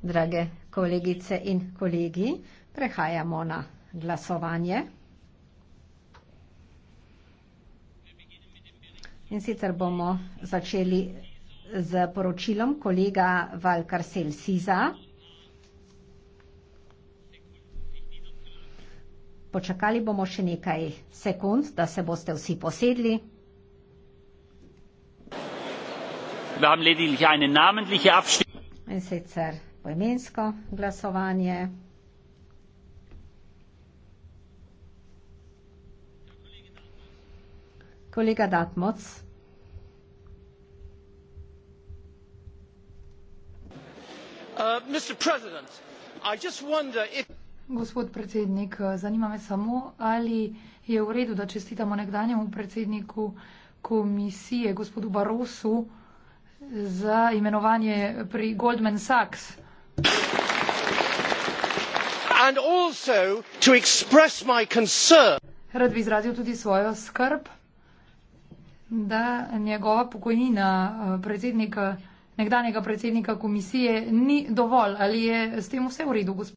Drage kolegice in kolegi, prehajamo na glasovanje. In sicer bomo začeli z poročilom kolega Valkar Selsiza. Počakali bomo še nekaj sekund, da se boste vsi posedli. in sicer poimensko glasovanje. Kolega Datmoc. Uh, Gospod predsednik, uh, zanima me samo, ali je v redu, da čestitamo nekdanjemu predsedniku komisije, gospodu Barosu, za imenovanje pri Goldman Sachs. And also to express my concern. Rad bi izrazil tudi svojo skrb, da njegova pokojnina eh, predsednika, nekdanjega predsednika komisije ni dovolj. Ali je s tem vse v redu, gospod?